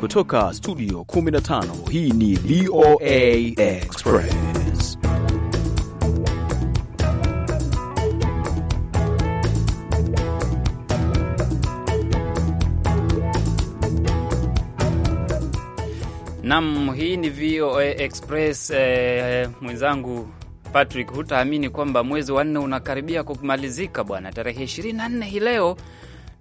Kutoka studio 15 hii ni VOA Express. Nam, hii ni VOA Express. Eh, mwenzangu Patrick, hutaamini kwamba mwezi wa nne unakaribia kumalizika bwana. Tarehe 24 hii leo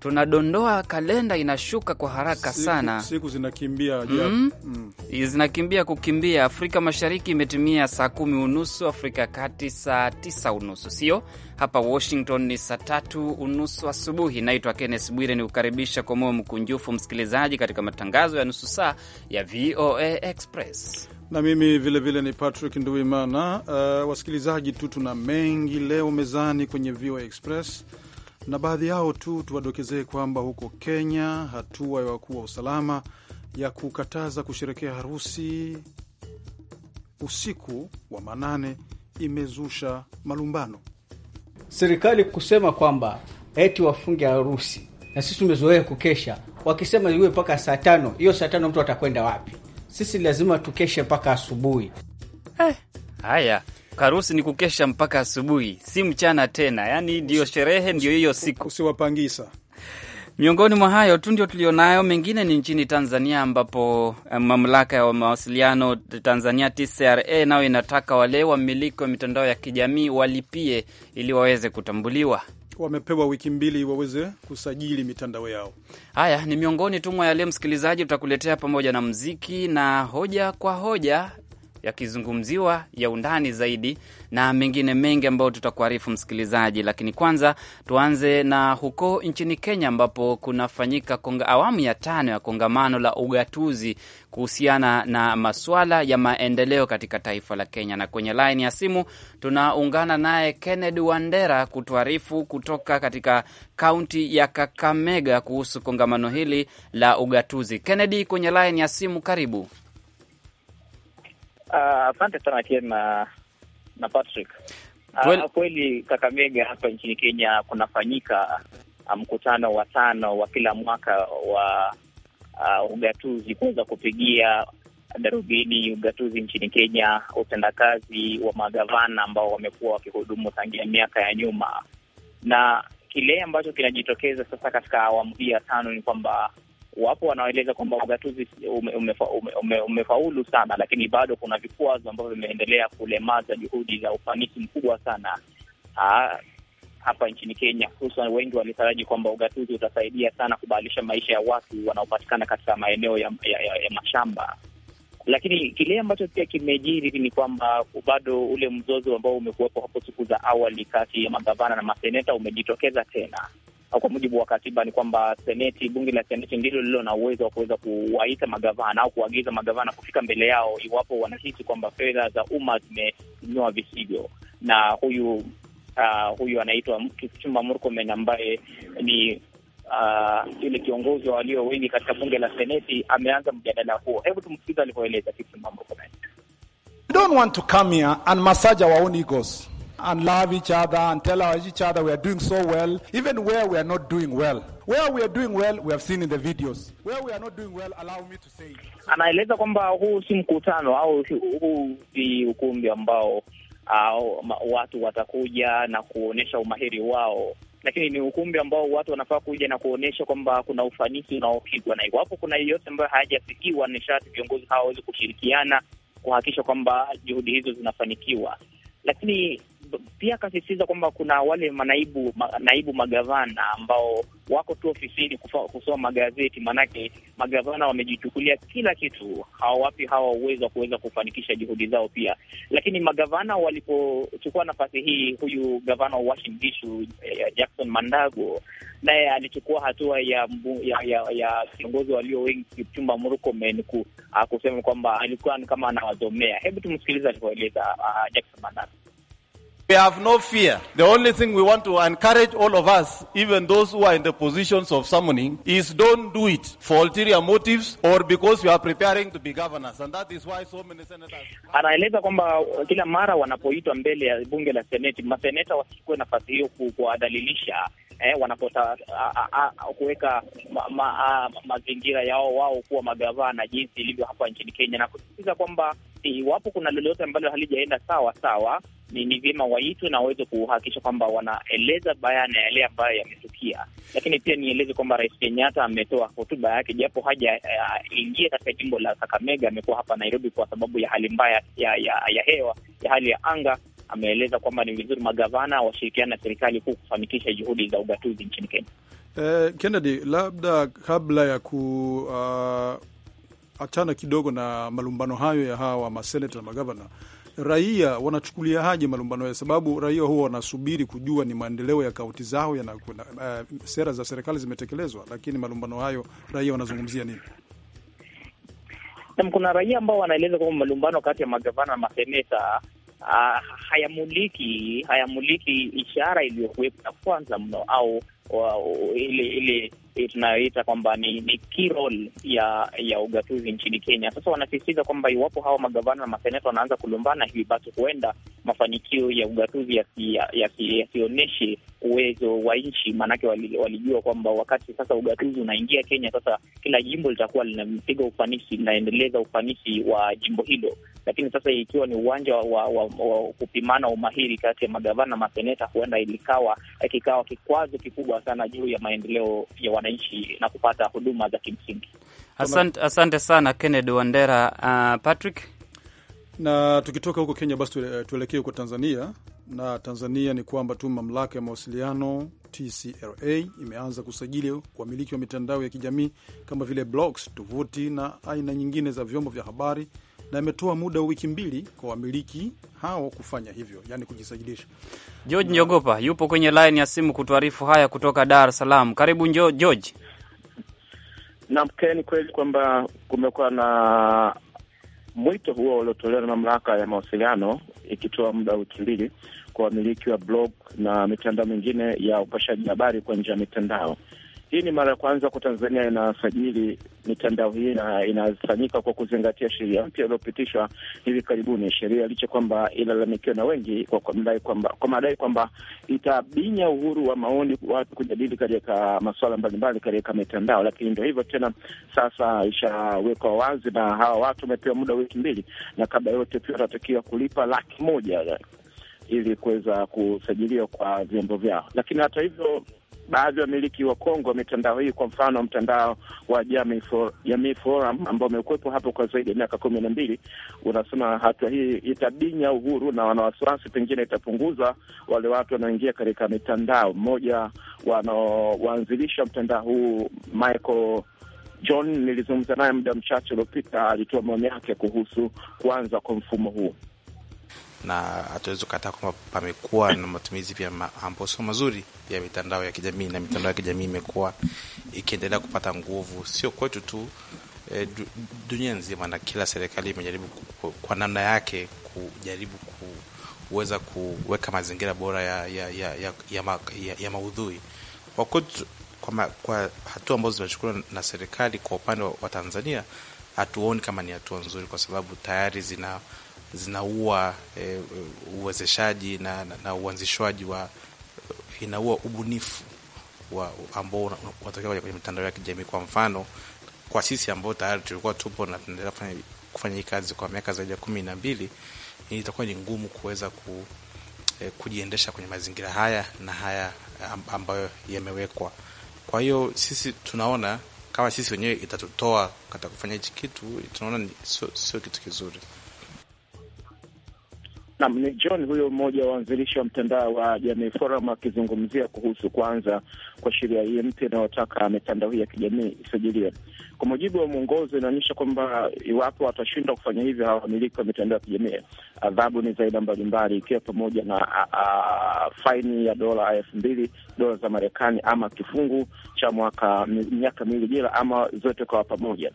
tunadondoa kalenda, inashuka kwa haraka sana, siku, zinakimbia mm. Mm. zinakimbia kukimbia. Afrika Mashariki imetimia saa kumi unusu, Afrika ya Kati saa tisa unusu, sio hapa Washington ni saa tatu unusu asubuhi. Naitwa Kennes Bwire, ni kukaribisha kwa moyo mkunjufu msikilizaji katika matangazo ya nusu saa ya VOA Express na mimi vilevile vile ni Patrick Nduimana. Uh, wasikilizaji tu, tuna mengi leo mezani kwenye VOA Express na baadhi yao tu tuwadokezee kwamba huko Kenya hatua ya wakuu wa usalama ya kukataza kusherekea harusi usiku wa manane imezusha malumbano. Serikali kusema kwamba eti wafunge harusi, na sisi tumezoea kukesha, wakisema iwe mpaka saa tano, hiyo saa tano mtu atakwenda wapi? Sisi lazima tukeshe mpaka asubuhi eh. Haya, karusi ni kukesha mpaka asubuhi, si mchana tena. Yani ndiyo sherehe, ndio hiyo siku, usiwapangisa Miongoni mwa hayo tu ndio tulionayo, mengine ni nchini Tanzania ambapo eh, mamlaka ya mawasiliano Tanzania TCRA nayo inataka wale wamiliki wa mitandao ya kijamii walipie ili waweze kutambuliwa. Wamepewa wiki mbili waweze kusajili mitandao yao. Haya ni miongoni tu mwa yale, msikilizaji, tutakuletea pamoja na mziki na hoja kwa hoja, yakizungumziwa ya undani zaidi na mengine mengi ambayo tutakuarifu msikilizaji, lakini kwanza tuanze na huko nchini Kenya ambapo kunafanyika konga, awamu ya tano ya kongamano la ugatuzi kuhusiana na maswala ya maendeleo katika taifa la Kenya, na kwenye laini ya simu tunaungana naye Kennedy Wandera kutuarifu kutoka katika kaunti ya Kakamega kuhusu kongamano hili la ugatuzi. Kennedy, kwenye laini ya simu, karibu. Ah, asante uh, sana kena na, Patrick uh, kweli Kakamega hapa nchini Kenya kunafanyika uh, mkutano wa tano wa kila mwaka wa uh, ugatuzi kuweza kupigia darubini ugatuzi nchini Kenya, utendakazi wa magavana ambao wamekuwa wakihudumu tangia miaka ya nyuma, na kile ambacho kinajitokeza sasa katika awamu hii ya tano ni kwamba wapo wanaoeleza kwamba ugatuzi ume, ume, ume, umefaulu sana, lakini bado kuna vikwazo ambavyo vimeendelea kulemaza juhudi za ufanisi mkubwa sana aa, ah, hapa nchini Kenya. Hususan, wengi walitaraji kwamba ugatuzi utasaidia sana kubadilisha maisha ya watu wanaopatikana katika maeneo ya, ya, ya, ya mashamba lakini kile ambacho pia kimejiri ni kwamba bado ule mzozo ambao umekuwepo hapo siku za awali kati ya magavana na maseneta umejitokeza tena, kwa mujibu wa katiba ni kwamba seneti, bunge la seneti ndilo lililo na uwezo wa kuweza kuwaita magavana au kuagiza magavana kufika mbele yao iwapo wanahisi kwamba fedha za umma zimenywa visivyo Na huyu uh, huyu anaitwa Kipchumba Murkomen ambaye ni uh, kiongozi wa walio wengi katika bunge la seneti ameanza mjadala huo. Hebu tumsikiza alivyoeleza Kipchumba Murkomen. don't want to come here and massage our own egos and love each other and tell each other we are doing so well, even where we are not doing well. Where we are doing well, we have seen in the videos. Where we are not doing well, allow me to say. Anaeleza kwamba huu si mkutano au huu si ukumbi ambao au, watu watakuja na kuonyesha umahiri wao lakini ni ukumbi ambao watu wanafaa kuja na kuonyesha kwamba kuna ufanisi unaopigwa, na iwapo kuna yeyote ambayo hayajafikiwa ni sharti viongozi hawa waweze kushirikiana kuhakikisha kwamba juhudi hizo zinafanikiwa. Lakini pia akasisitiza kwamba kuna wale manaibu ma, naibu magavana ambao wako tu ofisini kusoma magazeti, maanake magavana wamejichukulia kila kitu, hawawapi hawa uwezo wa kuweza kufanikisha juhudi zao pia. Lakini magavana walipochukua nafasi hii, huyu gavana wa Uasin Gishu eh, Jackson Mandago naye alichukua hatua ya ya viongozi walio wengi, Kipchumba Murkomen eh, ah, kusema kwamba alikuwa kama anawazomea. Hebu tumsikiliza alivyoeleza ah, Jackson Mandago. We have no fear. The only thing we want to encourage all of us, even those who are in the positions of summoning, is don't do it for ulterior motives or because you are preparing to be governors. And that is why so many senators... Anaeleza kwamba kila mara wanapoitwa mbele ya bunge la seneti, maseneta wasichukue nafasi hiyo kuwadhalilisha eh, wanapota kuweka mazingira ma, ma, ma, yao wao kuwa magavana jinsi ilivyo hapa nchini Kenya na kusisitiza kwamba iwapo kuna lolote ambalo halijaenda sawa sawa, ni, ni vyema waitwe na waweze kuhakikisha kwamba wanaeleza bayana yale ambayo yametukia. Lakini pia nieleze kwamba Rais Kenyatta ametoa hotuba yake, japo hajaingia eh, uh, katika jimbo la Kakamega. Amekuwa hapa Nairobi kwa sababu ya hali mbaya ya, ya, ya hewa ya hali ya anga. Ameeleza kwamba ni vizuri magavana washirikiana na serikali kuu kufanikisha juhudi za ugatuzi nchini Kenya. Eh, Kennedy, labda kabla ya ku uh achana kidogo na malumbano hayo ya hawa maseneta na magavana, raia wanachukulia haji malumbano hayo? Sababu raia huwa wanasubiri kujua ni maendeleo ya kaunti zao na, uh, sera za serikali zimetekelezwa, lakini malumbano hayo raia wanazungumzia nini? kuna raia ambao wanaeleza kwamba malumbano kati ya magavana na maseneta uh, hayamuliki hayamuliki ishara iliyokuwepo ya kwanza mno au ile tunayoita kwamba ni, ni key role ya ya ugatuzi nchini Kenya. Sasa wanasisitiza kwamba iwapo hawa magavana na maseneta wanaanza kulumbana hivi, basi huenda mafanikio ya ugatuzi yasionyeshe ya, ya uwezo wa nchi. Maanake walijua kwamba wakati sasa ugatuzi unaingia Kenya, sasa kila jimbo litakuwa linapiga ufanisi, linaendeleza ufanisi wa jimbo hilo. Lakini sasa ikiwa ni uwanja wa, wa, wa kupimana umahiri kati ya magavana na maseneta, huenda ilikawa kikawa kikwazo kikubwa kubwa sana juu ya maendeleo ya wananchi na kupata huduma za kimsingi. Asante, asante sana Kennedy Wandera. Uh, Patrick, na tukitoka huko Kenya basi tuelekee huko Tanzania. Na Tanzania ni kwamba tu mamlaka ya mawasiliano TCRA imeanza kusajili wamiliki wa mitandao ya kijamii kama vile blogs, tovuti na aina nyingine za vyombo vya habari na imetoa muda wa wiki mbili kwa wamiliki hao kufanya hivyo, yani kujisajilisha. George Njogopa yupo kwenye laini ya simu kutuarifu haya kutoka Dar es Salaam. Karibu George. Naam, ni kweli kwamba kumekuwa na mwito huo uliotolewa na mamlaka ya mawasiliano ikitoa muda wa wiki mbili kwa wamiliki wa blog na mitandao mingine ya upashaji habari kwa njia ya mitandao hii ni mara ya kwanza kwa Tanzania inasajili mitandao hii na inafanyika kwa kuzingatia sheria mpya iliyopitishwa hivi karibuni, sheria licha kwamba ilalamikiwa na wengi kwa, kwa madai kwamba itabinya uhuru wa maoni watu kujadili katika masuala mbalimbali katika mitandao. Lakini ndio hivyo tena, sasa ishawekwa wazi na hawa watu wamepewa muda wiki mbili, na kabla yote pia watatakiwa kulipa laki moja ili kuweza kusajiliwa kwa vyombo vyao. Lakini hata hivyo baadhi ya wamiliki wa kongwe wa mitandao hii, kwa mfano mtandao wa Jamii for, Jamii Forum ambao umekuwepo hapo kwa zaidi ya miaka kumi na mbili, unasema hatua hii itabinya uhuru na wanawasiwasi, pengine itapunguza wale watu wanaoingia katika mitandao. Mmoja wanaoanzilisha mtandao huu Michael John, nilizungumza naye muda mchache uliopita, alitoa maoni yake kuhusu kuanza kwa mfumo huu na hatuwezi kukataa kwamba pamekuwa na matumizi pia amboso mazuri ya mitandao ya kijamii, na mitandao ya kijamii imekuwa ikiendelea kupata nguvu, sio kwetu tu e, dunia nzima, na kila serikali imejaribu kwa namna yake kujaribu kuweza kuweka mazingira bora ya, ya, ya, ya, ya, ma, ya, ya maudhui kwa kwetu kwa, kwa hatua ambazo zimechukuliwa na serikali kwa upande wa Tanzania hatuoni kama ni hatua nzuri, kwa sababu tayari zina zinaua e, uwezeshaji na, na, na uanzishwaji wa inaua ubunifu wa ambao unatokea kwenye mitandao ya kijamii. Kwa mfano, kwa sisi ambao tayari tulikuwa tupo na tunaendelea kufanya, kufanya hii kazi kwa miaka zaidi ya kumi na mbili, itakuwa ni ngumu kuweza ku, e, kujiendesha kwenye mazingira haya na haya ambayo yamewekwa. Kwa hiyo sisi tunaona kama sisi wenyewe itatutoa katika kufanya hichi kitu, tunaona sio so kitu kizuri. Nam ni John huyo mmoja wa waanzilishi wa mtandao wa Jamii Forum akizungumzia kuhusu kuanza kwa sheria hii mpya inayotaka mitandao hii ya kijamii isajiliwe. Kwa mujibu wa mwongozo, inaonyesha kwamba iwapo watashindwa kufanya hivyo hawa wamiliki wa mitandao ya kijamii, adhabu ni zaida mbalimbali, ikiwa pamoja na faini ya dola elfu mbili dola za Marekani ama kifungu cha mwaka miaka miwili jela ama zote kwa pamoja.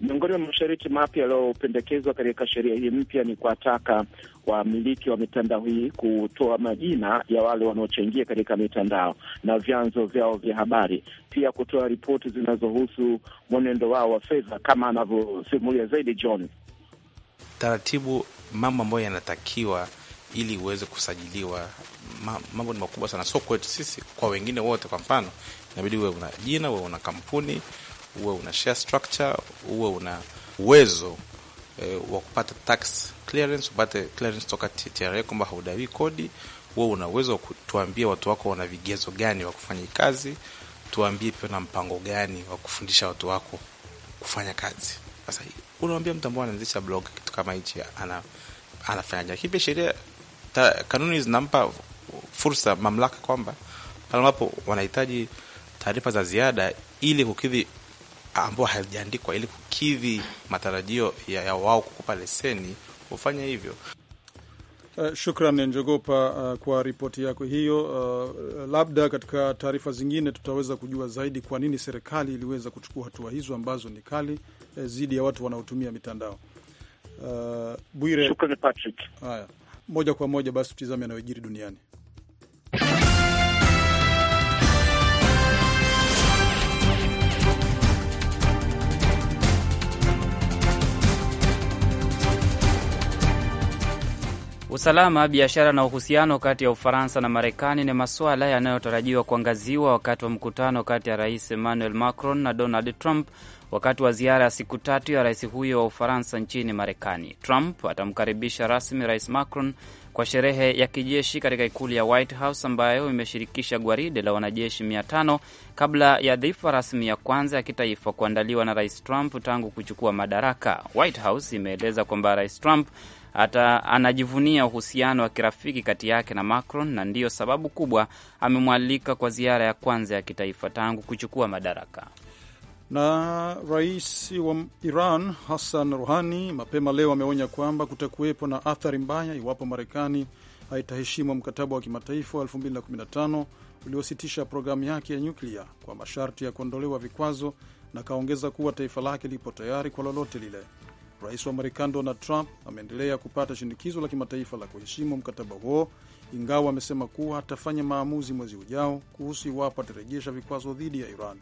Miongoni mwa masharti mapya yaliyopendekezwa katika sheria hii mpya ni kuwataka wamiliki wa mitandao hii kutoa majina ya wale wanaochangia katika mitandao na vyanzo vyao vya habari, pia kutoa ripoti zinazohusu mwenendo wao wa fedha, kama anavyosimulia zaidi John. Taratibu, mambo ambayo yanatakiwa ili uweze kusajiliwa, mambo ni makubwa sana, so kwetu sisi, kwa wengine wote. Kwa mfano, inabidi uwe una jina, uwe una kampuni uwe una share structure, uwe una uwezo eh, wa kupata tax clearance, upate clearance toka TRA kwamba haudai kodi. Wewe una uwezo wa kutuambia watu wako wana vigezo gani wa kufanya kazi, tuambie pia na mpango gani wa kufundisha watu wako kufanya kazi. Sasa unaambia mtu ambao anaanzisha blog kitu kama hichi ana anafanyaje? Lakini pia sheria kanuni zinampa fursa mamlaka kwamba pale ambapo wanahitaji taarifa za ziada ili kukidhi ambayo haijaandikwa ili kukidhi matarajio ya, ya wao kukupa leseni hufanya hivyo. Uh, shukran Njogopa, uh, kwa ripoti yako hiyo. Uh, labda katika taarifa zingine tutaweza kujua zaidi kwa nini serikali iliweza kuchukua hatua hizo ambazo ni kali dhidi uh, ya watu wanaotumia mitandao. Uh, Bwire, shukran Patrick. Haya, moja kwa moja basi tutizame yanayojiri duniani. Usalama, biashara na uhusiano kati ya Ufaransa na Marekani ni masuala yanayotarajiwa kuangaziwa wakati wa mkutano kati ya Rais Emmanuel Macron na Donald Trump wakati wa ziara ya siku tatu ya rais huyo wa Ufaransa nchini Marekani. Trump atamkaribisha rasmi Rais Macron kwa sherehe ya kijeshi katika ikulu ya White House ambayo imeshirikisha gwaride la wanajeshi mia tano kabla ya dhifa rasmi ya kwanza ya kitaifa kuandaliwa na Rais Trump tangu kuchukua madaraka. White House imeeleza kwamba Rais Trump hata anajivunia uhusiano wa kirafiki kati yake na Macron na ndiyo sababu kubwa amemwalika kwa ziara ya kwanza ya kitaifa tangu kuchukua madaraka. Na rais wa Iran Hassan Rouhani mapema leo ameonya kwamba kutakuwepo na athari mbaya iwapo Marekani haitaheshimu mkataba wa kimataifa wa 2015 uliositisha programu yake ya nyuklia kwa masharti ya kuondolewa vikwazo, na kaongeza kuwa taifa lake lipo tayari kwa lolote lile. Rais wa Marekani Donald Trump ameendelea kupata shinikizo la kimataifa la kuheshimu mkataba huo, ingawa amesema kuwa atafanya maamuzi mwezi ujao kuhusu iwapo atarejesha vikwazo dhidi ya Iran.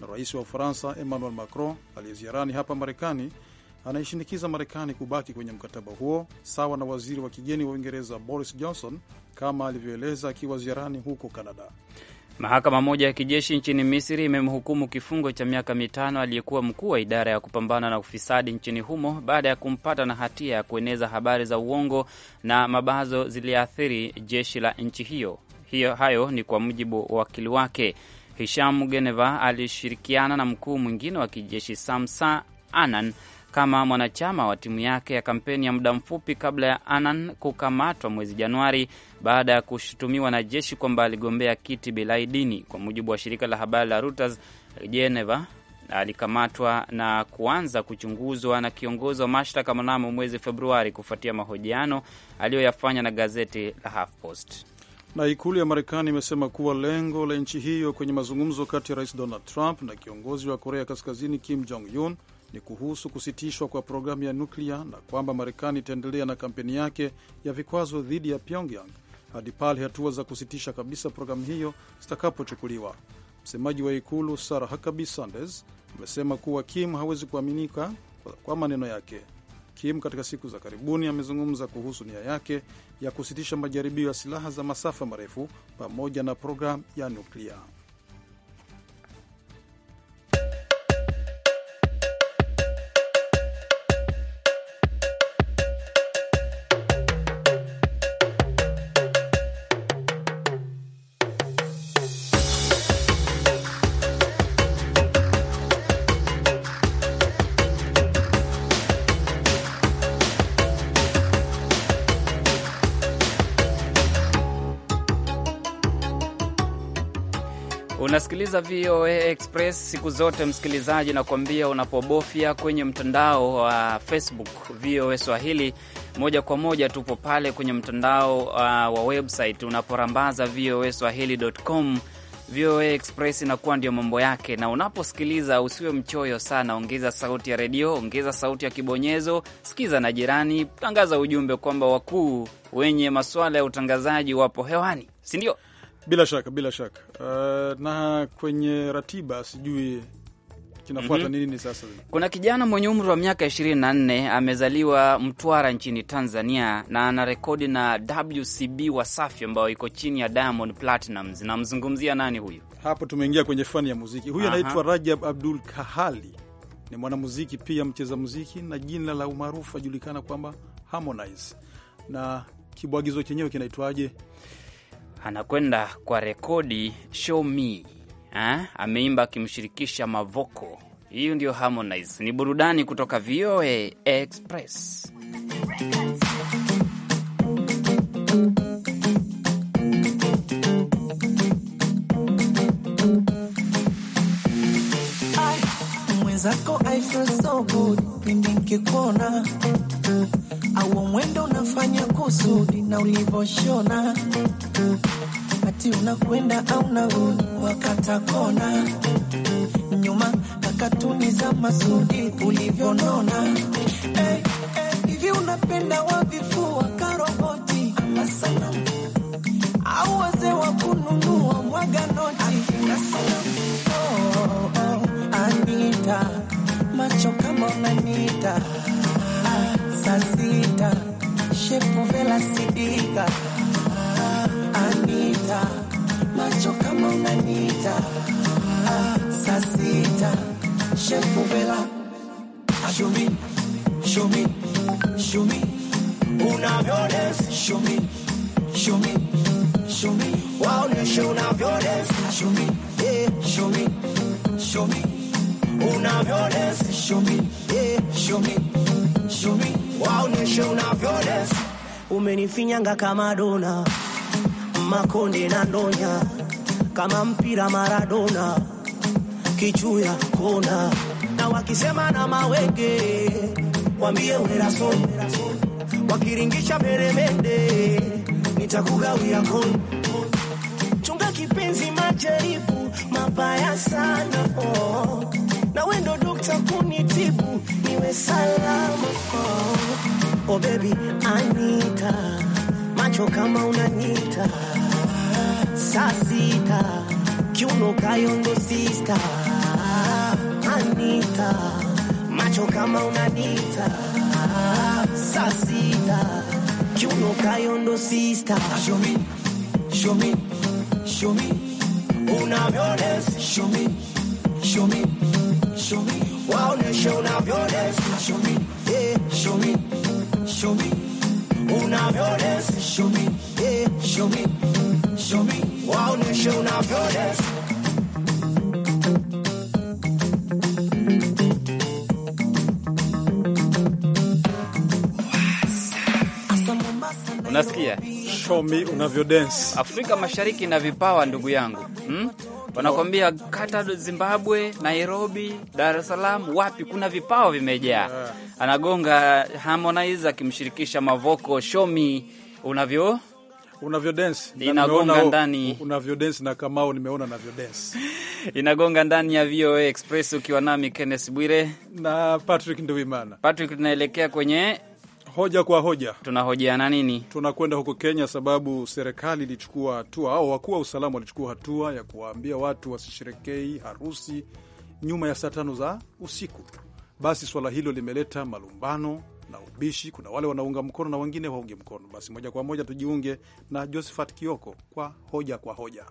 Na rais wa Ufaransa Emmanuel Macron aliyeziarani hapa Marekani anaishinikiza Marekani kubaki kwenye mkataba huo, sawa na waziri wa kigeni wa Uingereza Boris Johnson kama alivyoeleza akiwa ziarani huko Kanada. Mahakama moja ya kijeshi nchini Misri imemhukumu kifungo cha miaka mitano aliyekuwa mkuu wa idara ya kupambana na ufisadi nchini humo baada ya kumpata na hatia ya kueneza habari za uongo na mabazo ziliathiri jeshi la nchi hiyo. Hiyo hayo ni kwa mujibu wa wakili wake. Hisham Geneva alishirikiana na mkuu mwingine wa kijeshi Samsa Anan kama mwanachama wa timu yake ya kampeni ya muda mfupi kabla ya Annan kukamatwa mwezi Januari baada ya kushutumiwa na jeshi kwamba aligombea kiti bila idini. Kwa mujibu wa shirika la habari la Reuters, Geneva alikamatwa na kuanza kuchunguzwa na kiongozi wa mashtaka mnamo mwezi Februari kufuatia mahojiano aliyoyafanya na gazeti la HuffPost. Na ikulu ya Marekani imesema kuwa lengo la nchi hiyo kwenye mazungumzo kati ya rais Donald Trump na kiongozi wa Korea Kaskazini Kim Jong Un ni kuhusu kusitishwa kwa programu ya nuklia na kwamba Marekani itaendelea na kampeni yake ya vikwazo dhidi ya Pyongyang hadi pale hatua za kusitisha kabisa programu hiyo zitakapochukuliwa. Msemaji wa ikulu Sarah Huckabee Sanders amesema kuwa Kim hawezi kuaminika kwa maneno yake. Kim katika siku za karibuni amezungumza kuhusu nia yake ya kusitisha majaribio ya silaha za masafa marefu pamoja na programu ya nuklia. Unasikiliza VOA Express siku zote, msikilizaji, na kuambia unapobofya kwenye mtandao wa Facebook VOA Swahili, moja kwa moja tupo pale kwenye mtandao uh, wa website unaporambaza VOA swahili.com. VOA Express inakuwa ndio mambo yake, na unaposikiliza usiwe mchoyo sana. Ongeza sauti ya redio, ongeza sauti ya kibonyezo, sikiza na jirani, tangaza ujumbe kwamba wakuu wenye masuala ya utangazaji wapo hewani, si ndio? Bila shaka bila shaka. Uh, na kwenye ratiba sijui kinafuata mm -hmm. nini sasa? Kuna kijana mwenye umri wa miaka 24 amezaliwa Mtwara nchini Tanzania na ana rekodi na WCB Wasafi ambayo iko chini ya Diamond Platnumz. Namzungumzia nani huyu? Hapo tumeingia kwenye fani ya muziki. Huyu anaitwa Rajab Abdul Kahali, ni mwanamuziki pia mcheza muziki, na jina la umaarufu ajulikana kwamba Harmonize. Na kibwagizo chenyewe kinaitwaje? anakwenda kwa rekodi show me ha? Ameimba akimshirikisha Mavoko. Hiyo ndio Harmonize. Ni burudani kutoka VOA Express. zako I feel so good pindi nikikuona, au mwendo unafanya kusudi na ulivyoshona wakati unakwenda au nau wakata kona nyuma kakatuni za Masudi ulivyonona hivi eh, eh, unapenda wavifua karoboti ama sanamu au waze wa kununua mwaga noti oh, oh, Anita macho kama unanita ah, saa sita shepu vela sidika sita macho kama unaniita saa sita shekuvela shumi ah, shumi shumi unavyones shumi shumi shumi waoneshe ah, unavyones shumi shumi shumi unavyones shumi shumi shumi waoneshe unavyones umenifinyanga kama dona Makonde na ndonya kama mpira Maradona, kichuya kona na wakisema na mawege wambie werason, wakiringisha peremende nitakugawia kon. Chunga kipenzi, majaribu mabaya sana oh. Na wendo dokta kunitibu niwe salama oh. Oh baby Anita macho kama unanita saa sita kiuno kayondo sista anita macho kama unanita saa sita kiuno kayondo sista show me show me show me unavyones show me show me show me waoneshe unavyones eh, show me show me show me unavyones show me, yeah, show me, show me, waoneshe unavyoweza. Nasikia Show me unavyo dance. Afrika Mashariki na vipawa ndugu yangu hmm? Wanakwambia kata Zimbabwe, Nairobi, Dar es Salaam, wapi kuna vipawa vimejaa. Anagonga Harmonize akimshirikisha Mavoko show me unavyo unavyo dance inagonga ndani, unavyo dance na kamao nimeona navyo dance inagonga ndani ya VOA Express, ukiwa nami Kenneth Bwire na Patrick Nduwimana. Patrick, tunaelekea kwenye hoja kwa hoja. Tunahojeana nini? Tunakwenda huko Kenya sababu serikali ilichukua hatua au wakuu wa usalama walichukua hatua ya kuwaambia watu wasisherekei harusi nyuma ya saa tano za usiku. Basi swala hilo limeleta malumbano na ubishi. Kuna wale wanaunga mkono na wengine waunge mkono. Basi moja kwa moja tujiunge na Josephat Kioko kwa hoja kwa hoja.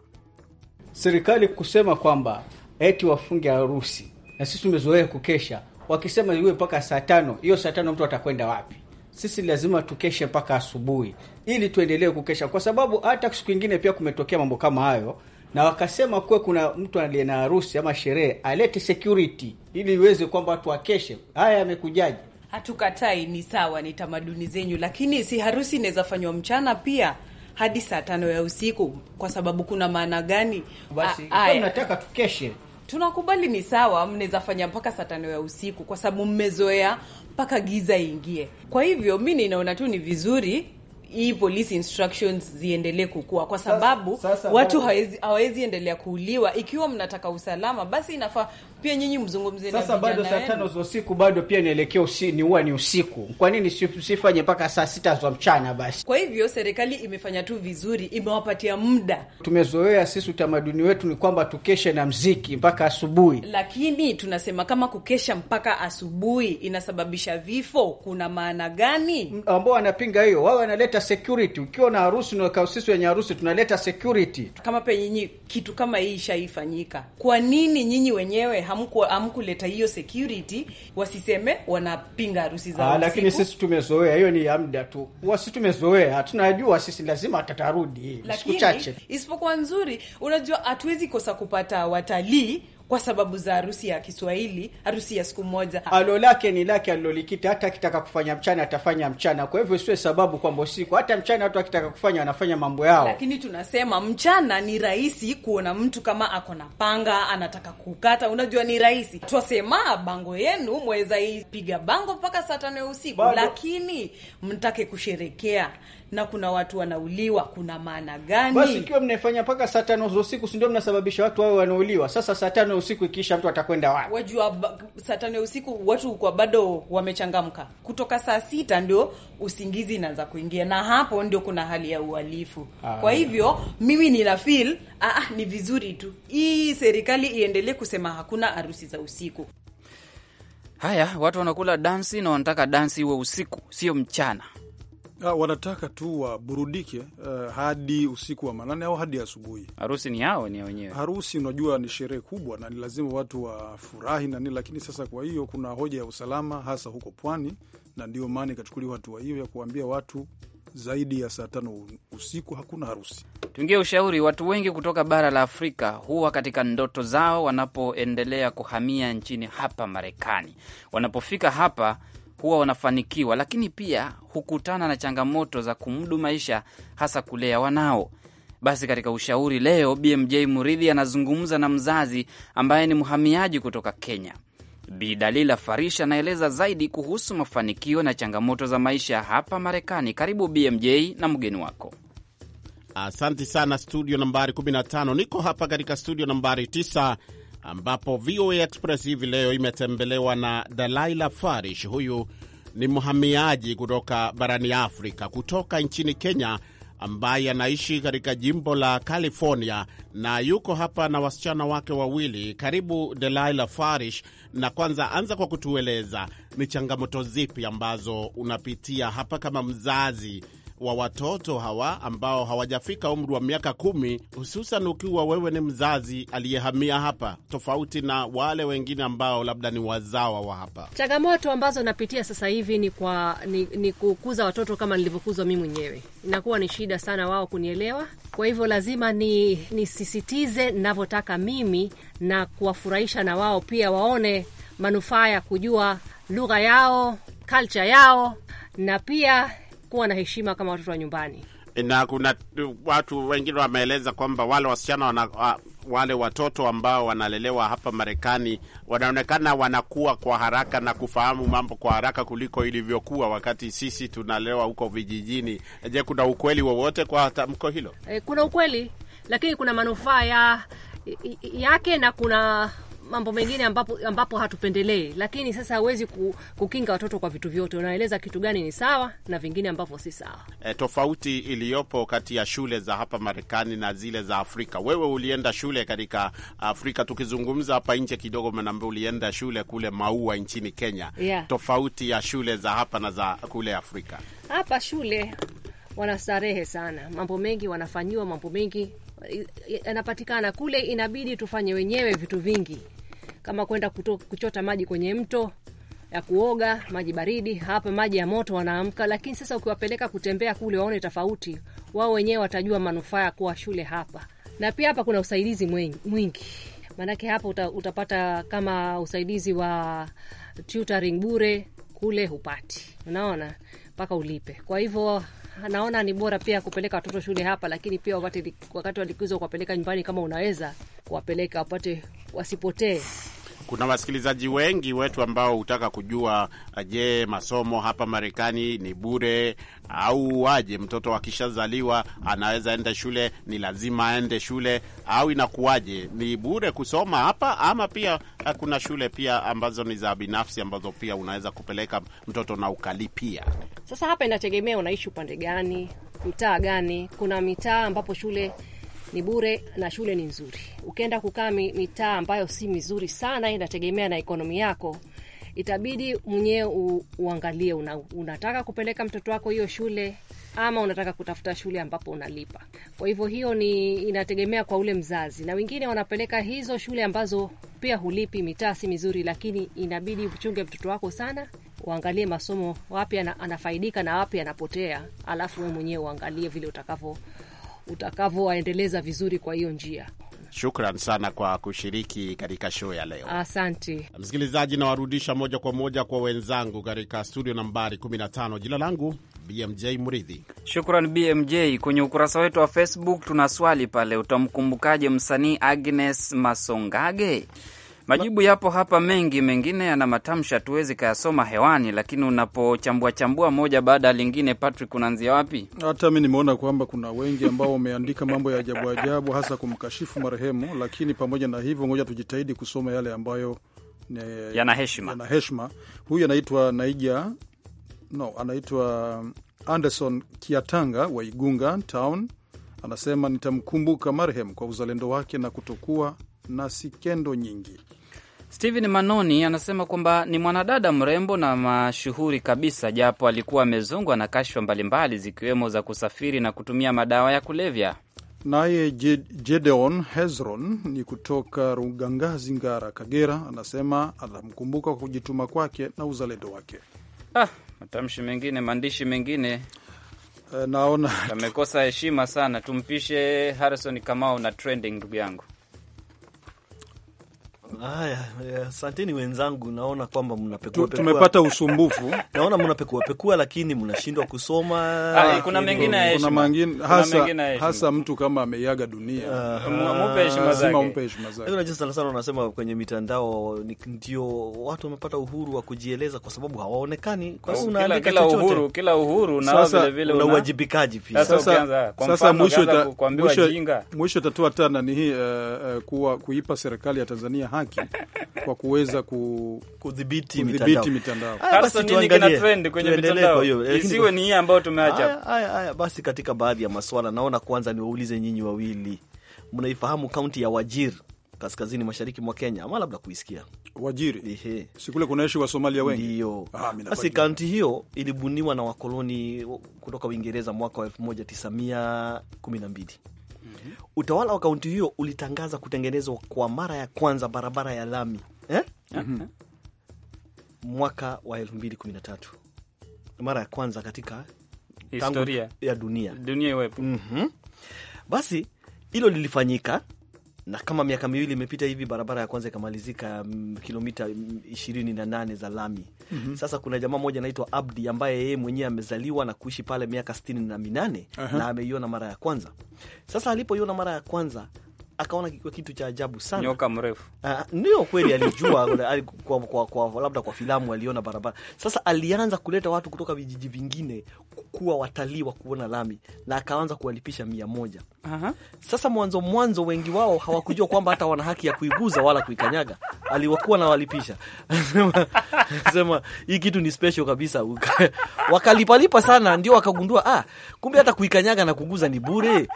Serikali kusema kwamba eti wafunge harusi, na sisi tumezoea kukesha, wakisema iwe mpaka saa tano, hiyo saa tano mtu atakwenda wapi? Sisi lazima tukeshe mpaka asubuhi ili tuendelee kukesha, kwa sababu hata siku ingine pia kumetokea mambo kama hayo, na wakasema kuwe kuna mtu aliye na harusi ama sherehe alete security ili iweze kwamba watu wakeshe. Haya yamekujaje? Hatukatai, ni sawa, ni tamaduni zenyu, lakini si harusi inaweza fanywa mchana pia hadi saa tano ya usiku, kwa sababu kuna maana gani? Basi ah, nataka tukeshe tunakubali ni sawa, mnaweza fanya mpaka saa tano ya usiku kwa sababu mmezoea mpaka giza iingie. Kwa hivyo mi ninaona tu ni vizuri hii police instructions ziendelee kukua kwa sababu sasa, sasa, watu hawezi endelea kuuliwa. Ikiwa mnataka usalama, basi inafaa pia nyinyi mzungumzie. Sasa bado saa tano za usiku bado pia inaelekea usi, ni huwa ni usiku. Kwa nini sifanye mpaka saa sita za mchana basi? Kwa hivyo serikali imefanya tu vizuri, imewapatia muda. Tumezoea sisi, utamaduni wetu ni kwamba tukeshe na mziki mpaka asubuhi, lakini tunasema kama kukesha mpaka asubuhi inasababisha vifo, kuna maana gani? Ambao wanapinga hiyo wao wanaleta security. Ukiwa na harusi na sisi wenye harusi tunaleta security. Kama pe nyinyi kitu kama hii ishaifanyika, kwa nini nyinyi wenyewe ha hamkuleta hiyo security, wasiseme wanapinga harusi za ah, usiku. Lakini sisi tumezoea hiyo, ni ya muda tu, wasi tumezoea, tunajua sisi lazima atatarudi siku chache, isipokuwa nzuri. Unajua hatuwezi kosa kupata watalii kwa sababu za harusi ya Kiswahili, harusi ya siku moja. Alo lake ni lake alilolikita, hata akitaka kufanya mchana atafanya mchana. Kwa hivyo siwe sababu kwamba usiku, hata mchana watu akitaka kufanya wanafanya mambo yao, lakini tunasema mchana ni rahisi kuona mtu kama ako na panga anataka kukata, unajua ni rahisi. Twasema bango yenu mweza ipiga bango mpaka saa tano ya usiku, lakini mtake kusherekea na kuna watu wanauliwa, kuna maana gani? Basi ikiwa mnaifanya mpaka saa tano za usiku, si ndio mnasababisha watu wawe wanauliwa? Sasa saa tano ya usiku ikiisha, mtu atakwenda wapi? Wajua saa tano ya usiku watu kwa bado wamechangamka, kutoka saa sita ndio usingizi inaanza kuingia, na hapo ndio kuna hali ya uhalifu. Ah. Kwa hivyo mimi nina feel ah, ah, ni vizuri tu hii serikali iendelee kusema hakuna harusi za usiku. Haya, watu wanakula dansi na wanataka dansi iwe usiku, sio mchana. Ah, wanataka tu waburudike uh, hadi usiku wa manane au hadi asubuhi. Harusi ni yao ni wenyewe. Harusi unajua ni sherehe kubwa na ni lazima watu wafurahi na nini, lakini sasa, kwa hiyo kuna hoja ya usalama hasa huko pwani, na ndio maana ikachukuliwa hatua hiyo ya kuambia watu zaidi ya saa tano usiku hakuna harusi. Tuingie ushauri. Watu wengi kutoka bara la Afrika huwa katika ndoto zao wanapoendelea kuhamia nchini hapa Marekani, wanapofika hapa huwa wanafanikiwa, lakini pia hukutana na changamoto za kumudu maisha, hasa kulea wanao. Basi katika ushauri leo, BMJ Muridhi anazungumza na mzazi ambaye ni mhamiaji kutoka Kenya. Bi Dalila Farish anaeleza zaidi kuhusu mafanikio na changamoto za maisha hapa Marekani. Karibu BMJ na mgeni wako. Asante sana studio nambari 15. Niko hapa katika studio nambari ambapo VOA Express hivi leo imetembelewa na Dalaila Farish. Huyu ni mhamiaji kutoka barani Afrika, kutoka nchini Kenya, ambaye anaishi katika jimbo la California na yuko hapa na wasichana wake wawili. Karibu Delaila Farish, na kwanza anza kwa kutueleza ni changamoto zipi ambazo unapitia hapa kama mzazi wa watoto hawa ambao hawajafika umri wa miaka kumi, hususan ukiwa wewe ni mzazi aliyehamia hapa, tofauti na wale wengine ambao labda ni wazawa wa hapa. Changamoto ambazo napitia sasa hivi ni, kwa, ni, ni kukuza watoto kama nilivyokuzwa mimi mwenyewe. Inakuwa ni shida sana wao kunielewa, kwa hivyo lazima ni nisisitize ninavyotaka mimi na kuwafurahisha na wao pia waone manufaa ya kujua lugha yao, culture yao na pia kuwa na heshima kama watoto wa nyumbani. Na kuna watu wengine wameeleza kwamba wale wasichana wana, wale watoto ambao wanalelewa hapa Marekani wanaonekana wanakuwa kwa haraka na kufahamu mambo kwa haraka kuliko ilivyokuwa wakati sisi tunalewa huko vijijini. Je, kuna ukweli wowote kwa tamko hilo? E, kuna ukweli, lakini kuna manufaa ya yake na kuna mambo mengine ambapo, ambapo hatupendelei, lakini sasa hawezi kukinga watoto kwa vitu vyote. Unaeleza kitu gani ni sawa na vingine ambavyo si sawa. E, tofauti iliyopo kati ya shule za hapa Marekani na zile za Afrika. Wewe ulienda shule katika Afrika, tukizungumza hapa nje kidogo, manambe ulienda shule kule Maua nchini Kenya, yeah. Tofauti ya shule za hapa na za kule Afrika, hapa shule wanastarehe sana, mambo mengi wanafanyiwa, mambo mengi eh, eh, yanapatikana kule, inabidi tufanye wenyewe vitu vingi kama kwenda kuchota maji kwenye mto ya kuoga maji baridi, hapa maji ya moto wanaamka. Lakini sasa ukiwapeleka kutembea kule, waone tofauti, wao wenyewe watajua manufaa ya kuwa shule hapa. Na pia hapa kuna usaidizi mwingi, maanake hapa uta, utapata kama usaidizi wa tutoring bure, kule hupati, unaona mpaka ulipe. Kwa hivyo naona ni bora pia kupeleka watoto shule hapa, lakini pia wapate wakati wa likizo kuwapeleka nyumbani, kama unaweza kuwapeleka wapate, wasipotee kuna wasikilizaji wengi wetu ambao hutaka kujua, uh, je, masomo hapa Marekani ni bure au waje? Mtoto akishazaliwa anaweza enda shule? Ni lazima aende shule au inakuwaje? Ni bure kusoma hapa ama pia uh, kuna shule pia ambazo ni za binafsi ambazo pia unaweza kupeleka mtoto na ukalipia? Sasa hapa inategemea unaishi upande gani, mtaa gani. Kuna mitaa ambapo shule ni bure na shule ni nzuri. Ukienda kukaa mitaa ambayo si mizuri sana, inategemea na ekonomi yako, itabidi mwenyewe uangalie una, unataka kupeleka mtoto wako hiyo shule ama unataka kutafuta shule ambapo unalipa. Kwa hivyo hiyo ni inategemea kwa ule mzazi, na wengine wanapeleka hizo shule ambazo pia hulipi, mitaa si mizuri, lakini inabidi uchunge mtoto wako sana, uangalie masomo, wapi anafaidika na wapi anapotea, alafu we mwenyewe uangalie vile utakavyo utakavyowaendeleza vizuri kwa hiyo njia. Shukran sana kwa kushiriki katika show ya leo. Asante msikilizaji, nawarudisha moja kwa moja kwa wenzangu katika studio nambari 15. Jina langu BMJ Mridhi. Shukran BMJ. Kwenye ukurasa wetu wa Facebook tuna swali pale, utamkumbukaje msanii Agnes Masongage? Majibu yapo hapa mengi, mengine yana matamshi hatuwezi kayasoma hewani, lakini unapochambua chambua moja baada ya lingine, Patrick, unaanzia wapi? Hata mi nimeona kwamba kuna wengi ambao wameandika mambo ya ajabu ajabu, hasa kumkashifu marehemu, lakini pamoja na hivyo, ngoja tujitahidi kusoma yale ambayo yana heshima. Yana heshima. Huyu anaitwa Naija, no, anaitwa Anderson Kiatanga wa Igunga Town, anasema nitamkumbuka marehemu kwa uzalendo wake na kutokuwa na sikendo nyingi. Steven Manoni anasema kwamba ni mwanadada mrembo na mashuhuri kabisa, japo alikuwa amezongwa na kashfa mbalimbali zikiwemo za kusafiri na kutumia madawa ya kulevya. Naye Gedeon Hezron ni kutoka Rugangazi, Ngara, Kagera, anasema anamkumbuka kwa kujituma kwake na uzalendo wake. Ah, matamshi mengine, maandishi mengine eh, naona amekosa heshima sana. Tumpishe Harrison Kamau na trending, ndugu yangu. Haya, eh, asanteni wenzangu, naona kwamba mnapekua pekua. Tumepata usumbufu naona mnapekua pekua, lakini mnashindwa kusoma. kuna mengine hasa, hasa mtu kama ameiaga dunia mpe heshima zake. sana sana wanasema kwenye mitandao ndio watu wamepata uhuru wa kujieleza kwa sababu hawaonekani. Kwa hiyo unaandika chochote, kila uhuru na vile vile una uwajibikaji pia. Sasa mwisho mwisho itatoa tena ni hii eh, eh, kuwa kuipa serikali ya Tanzania haki haki kwa kuweza kudhibiti mitandao, mitandao. Isiwe ni hii ambayo tumeacha. Haya haya, basi katika baadhi ya maswala naona kwanza niwaulize nyinyi wawili, mnaifahamu kaunti ya Wajir kaskazini mashariki mwa Kenya ama labda kuisikia Wajiri? Sikule kunaishi wa Somalia wengi ndio. Ah, basi kaunti hiyo ilibuniwa na wakoloni kutoka Uingereza mwaka wa elfu moja tisa mia kumi na mbili. Utawala wa kaunti hiyo ulitangaza kutengenezwa kwa mara ya kwanza barabara ya lami eh? mm -hmm. mwaka wa tatu mara ya kwanza katika historia ya dunia, dunia iwepo. Mm -hmm. Basi hilo lilifanyika na kama miaka miwili imepita hivi, barabara ya kwanza ikamalizika mm, kilomita mm, ishirini na nane za lami. mm -hmm. Sasa kuna jamaa moja anaitwa Abdi ambaye yeye mwenyewe amezaliwa na kuishi pale miaka sitini na minane uh -huh. na ameiona mara ya kwanza. Sasa alipoiona mara ya kwanza akaona kikiwa kitu cha ajabu sana, nyoka mrefu. Ah, ah, ndio kweli, alijua kwa, kwa, kwa, labda kwa filamu aliona barabara. Sasa alianza kuleta watu kutoka vijiji vingine kuwa watalii wa kuona lami, na akaanza kuwalipisha mia moja. Aha. Sasa mwanzo mwanzo wengi wao hawakujua kwamba hata wana haki ya kuiguza wala kuikanyaga, aliwakuwa nawalipisha sema hii kitu ni special kabisa wakalipalipa sana, ndio wakagundua ah, kumbe hata kuikanyaga na kuguza ni bure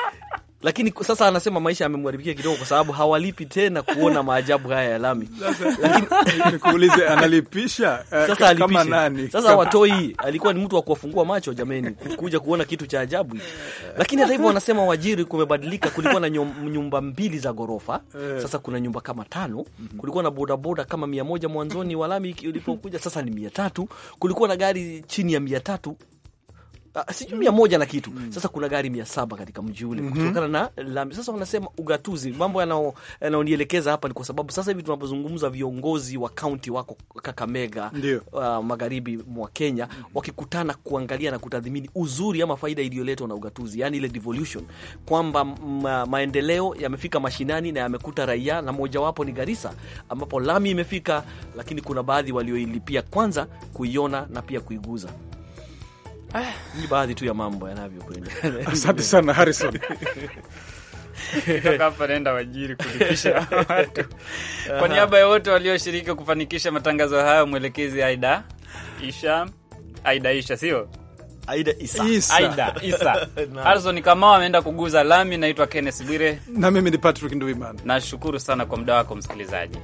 lakini sasa anasema maisha yamemwaribikia kidogo, kwa sababu hawalipi tena kuona maajabu haya ya lami. Nikuulize, analipisha eh, sasa? Kama nani sasa? Watoi alikuwa ni mtu wa kuwafungua macho jameni, kuja kuona kitu cha ajabu. Lakini hata hivyo, wanasema Wajiri kumebadilika. Kulikuwa na nyumba mbili za ghorofa, eh. sasa kuna nyumba kama tano. Mhm. Kulikuwa na bodaboda kama mia moja mwanzoni wa lami ulipokuja, sasa ni mia tatu. Kulikuwa na gari chini ya mia tatu Ah, sijui mm. mia moja na kitu mm. Sasa kuna gari mia saba katika mji ule mm -hmm. kutokana na lami. Sasa wanasema ugatuzi, mambo yanaonielekeza hapa ni kwa sababu sasa hivi tunapozungumza viongozi wa kaunti wako Kakamega uh, magharibi mwa Kenya mm -hmm. wakikutana kuangalia na kutathmini uzuri ama faida iliyoletwa na ugatuzi, yani ile devolution, kwamba uh, maendeleo yamefika mashinani na yamekuta raia, na mojawapo ni Garisa ambapo lami imefika, lakini kuna baadhi walioilipia kwanza kuiona na pia kuiguza. Ni baadhi tu ya mambo yanavyokwenda. Asante sana Harrison. Hapa naenda wajiri kulipisha watu. Kwa niaba ya wote walioshiriki kufanikisha matangazo hayo, mwelekezi Aida Isha, Aida Isha sio Aida Isa, Isa. Aida Isa. Harrison Kamau ameenda kuguza lami. Naitwa Kenneth Bwire na mimi ni Patrick Nduimana. Nashukuru sana kwa muda wako msikilizaji.